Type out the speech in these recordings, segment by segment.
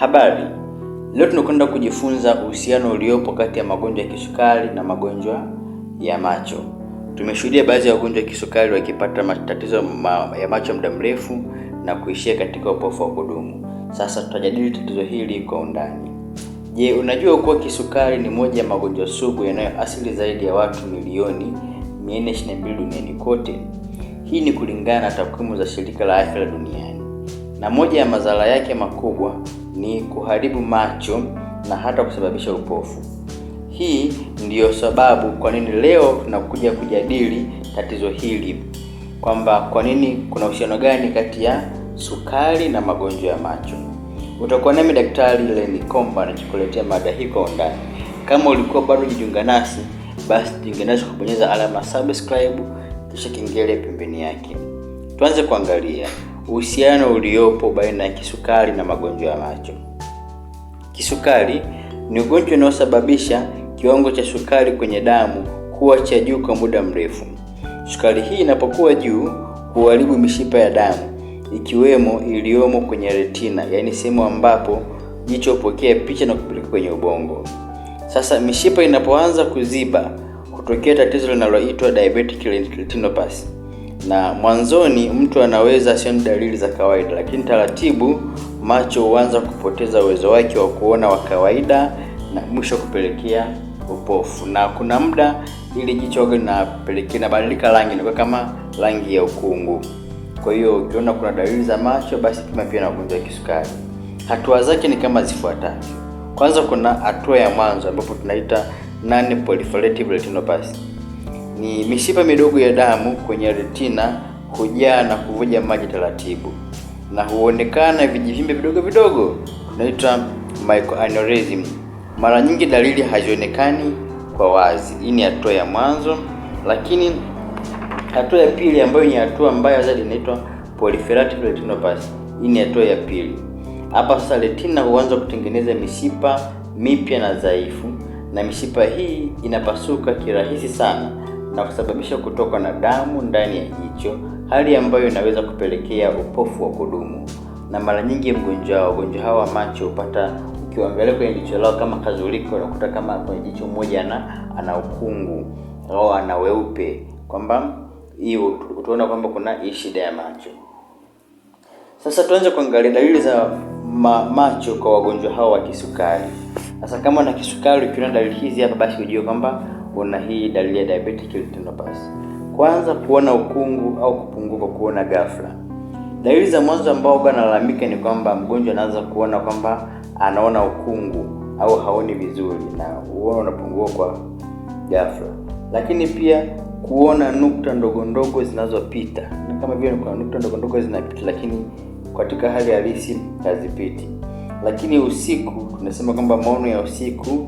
Habari, leo tunakwenda kujifunza uhusiano uliopo kati ya magonjwa ya kisukari na magonjwa ya macho. Tumeshuhudia baadhi ya wagonjwa wa kisukari wakipata matatizo ya macho muda mrefu na kuishia katika upofu wa kudumu. Sasa tutajadili tatizo hili kwa undani. Je, unajua kuwa kisukari ni moja ya magonjwa sugu yanayoathiri zaidi ya watu milioni 422 duniani kote? Hii ni kulingana na takwimu za Shirika la Afya Duniani, na moja ya madhara yake makubwa ni kuharibu macho na hata kusababisha upofu. Hii ndiyo sababu kwa nini leo tunakuja kujadili tatizo hili kwamba kwa nini, kuna uhusiano gani kati ya sukari na magonjwa ya macho. Utakuwa nami Daktari Lenny Komba anachokuletea mada hii kwa undani. Kama ulikuwa bado hujajiunga nasi, basi jiunge nasi kwa kubonyeza alama subscribe kisha kengele pembeni yake. Tuanze kuangalia uhusiano uliopo baina ya kisukari na magonjwa ya macho. Kisukari ni ugonjwa unaosababisha kiwango cha sukari kwenye damu kuwa cha juu kwa muda mrefu. Sukari hii inapokuwa juu huharibu mishipa ya damu ikiwemo iliyomo kwenye retina, yaani sehemu ambapo jicho hupokea picha na kupeleka kwenye ubongo. Sasa mishipa inapoanza kuziba, hutokea tatizo linaloitwa diabetic retinopathy na mwanzoni mtu anaweza asione dalili za kawaida, lakini taratibu macho huanza kupoteza uwezo wake wa kuona wa kawaida na mwisho kupelekea upofu. Na kuna muda ili jicho linapelekea inabadilika rangi, inakuwa kama rangi ya ukungu. Kwa hiyo ukiona kuna dalili za macho, basi pima pia na ugonjwa wa kisukari. Hatua zake ni kama zifuatavyo. Kwanza kuna hatua ya mwanzo ambapo tunaita non proliferative retinopathy ni mishipa midogo ya damu kwenye retina hujaa na kuvuja maji taratibu na huonekana vijivimbe vidogo vidogo, naitwa microaneurysm. Mara nyingi dalili hazionekani kwa wazi. Hii ni hatua ya mwanzo, lakini hatua ya pili ambayo ni hatua mbaya zaidi inaitwa proliferative retinopathy. Hii ni hatua ya pili. Hapa sasa retina huanza kutengeneza mishipa mipya na dhaifu, na mishipa hii inapasuka kirahisi sana na kusababisha kutoka na damu ndani ya jicho, hali ambayo inaweza kupelekea upofu wa kudumu. Na mara nyingi mgonjwa wagonjwa hawa wa macho hupata ukiangalia kwenye jicho lao kama kazuliko, unakuta kama kwenye jicho moja ana ana ukungu au ana weupe, kwamba hiyo utaona kwamba kuna hii shida ya macho. Sasa tuanze kuangalia dalili za ma, macho kwa wagonjwa hao wa kisukari. Sasa kama na kisukari ukiona dalili hizi hapa, basi ujue kwamba kuona hii dalili ya diabetic retinopathy. Kwanza, kuona ukungu au kupunguka kuona ghafla. Dalili za mwanzo ambao huwa analalamika ni kwamba mgonjwa anaanza kuona kwamba anaona ukungu au haoni vizuri na uona unapungua kwa ghafla, lakini pia kuona nukta ndogo ndogo zinazopita na kama vile kuna nukta ndogo ndogo zinapita, lakini katika hali halisi hazipiti. Lakini usiku tunasema kwamba maono ya usiku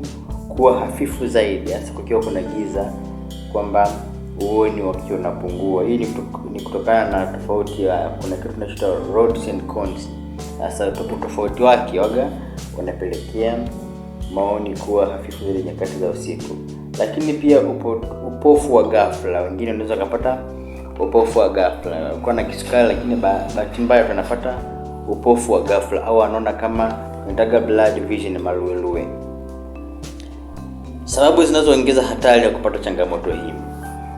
kuwa hafifu zaidi, hasa kukiwa kuna giza, kwamba uoni wakiwa unapungua. Hii ni kutokana na tofauti ya kuna kitu tunachoita rods and cones. Sasa tofauti wake waga wanapelekea maoni kuwa hafifu zaidi nyakati za usiku. Lakini pia upo, upofu wa ghafla, wengine unaweza kupata upofu wa ghafla kwa na kisukari, lakini bahati mbaya tunapata upofu wa ghafla au anaona kama nataka blood vision maluelue Sababu zinazoongeza hatari ya kupata changamoto hii.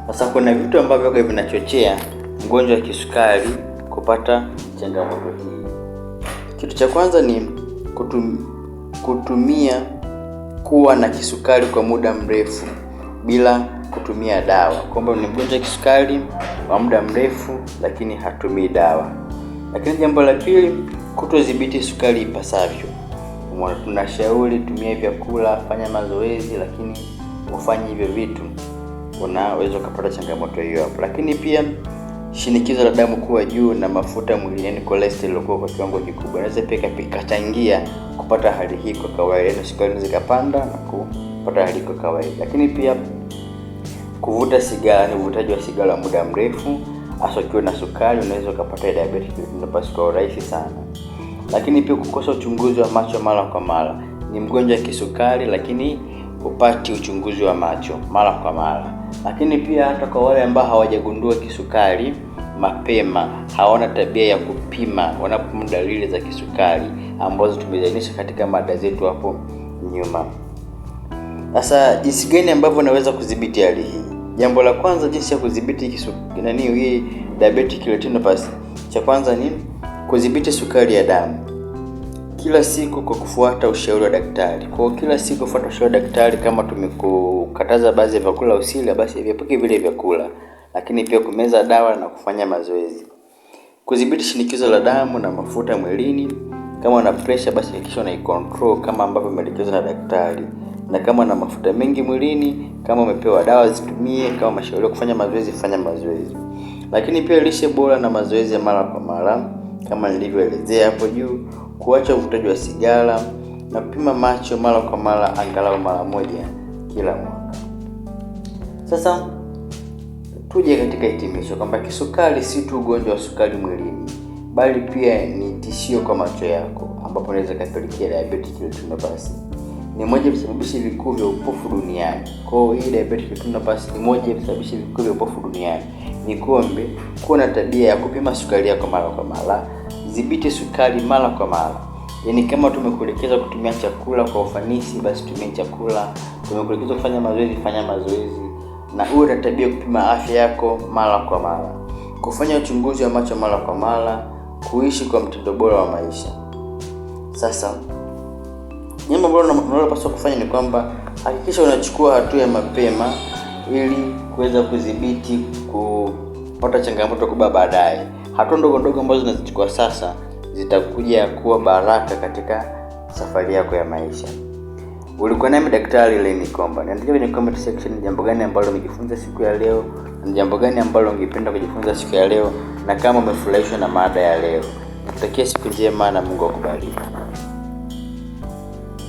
Sasa kuna vitu ambavyo vinachochea mgonjwa wa kisukari kupata changamoto hii. Kitu cha kwanza ni kutum, kutumia kuwa na kisukari kwa muda mrefu bila kutumia dawa, kwamba ni mgonjwa wa kisukari wa muda mrefu lakini hatumii dawa. Lakini jambo la pili, kutodhibiti sukari ipasavyo tunashauri tumia vyakula, fanya mazoezi, lakini ufanye hivyo vitu, unaweza ukapata changamoto hiyo hapo. Lakini pia shinikizo la damu kuwa juu na mafuta mwilini, yani cholesterol kuwa kwa kiwango kikubwa, inaweza pia ikachangia kupata hali hii kwa kawaida, na yaani sukari zikapanda na kupata hali kwa kawaida. Lakini pia kuvuta sigara, ni uvutaji wa sigara wa muda mrefu, hasa ukiwa na sukari, unaweza ukapata diabetes kwa urahisi sana. Lakini pia kukosa uchunguzi wa macho mara kwa mara. Ni mgonjwa wa kisukari lakini hupati uchunguzi wa macho mara kwa mara. Lakini pia hata kwa wale ambao hawajagundua kisukari mapema, hawana tabia ya kupima wanapoona dalili za kisukari ambazo tumeziainisha katika mada zetu hapo nyuma. Sasa jinsi gani ambavyo unaweza kudhibiti hali hii? Jambo la kwanza, jinsi ya kudhibiti kisukari nani hii diabetic retinopathy, cha kwanza ni Kudhibiti sukari ya damu kila siku kwa kufuata ushauri wa daktari. Kwa kila siku kufuata ushauri wa daktari, kama tumekukataza baadhi ya vyakula usile, basi viepuke vile vyakula, lakini pia kumeza dawa na kufanya mazoezi. Kudhibiti shinikizo la damu na mafuta mwilini. Kama una pressure, basi hakikisha control kama ambavyo umeelekezwa na daktari, na kama una mafuta mengi mwilini, kama umepewa dawa zitumie, kama mashauri kufanya mazoezi, fanya mazoezi. Lakini pia lishe bora na mazoezi ya mara kwa mara kama nilivyoelezea hapo juu, kuacha uvutaji wa sigara na kupima macho mara kwa mara, angalau mara moja kila mwaka. Sasa tuje katika hitimisho kwamba kisukari si tu ugonjwa wa sukari mwilini, bali pia ni tishio kwa macho yako, ambapo inaweza ikapelekea diabetic retinopathy. Ni moja ya visababishi vikuu vya upofu duniani. Kwa hiyo hii diabetic retinopathy ni moja ya visababishi vikuu vya upofu duniani kuombe kuwa na tabia ya kupima sukari yako mara kwa mara, dhibiti sukari mara kwa mara. Yaani kama tumekuelekeza kutumia chakula kwa ufanisi, basi tumia chakula. Tumekuelekeza kufanya mazoezi, fanya mazoezi, na uwe na tabia kupima afya yako mara kwa mara, kufanya uchunguzi wa macho mara kwa mara, kuishi kwa mtindo bora wa maisha. Sasa jambo ambalo unalopaswa kufanya ni kwamba hakikisha unachukua hatua ya mapema ili kuweza kudhibiti ku pata changamoto kubwa baadaye. Hatua ndogo ndogo ambazo unazichukua sasa zitakuja kuwa baraka katika safari yako ya maisha. Ulikuwa nami Daktari Lenny Komba. Niandike kwenye comment section jambo gani ambalo umejifunza siku ya leo, na jambo gani ambalo ungependa kujifunza siku ya leo, na kama umefurahishwa na mada ya leo. Nakutakia siku njema na Mungu akubariki.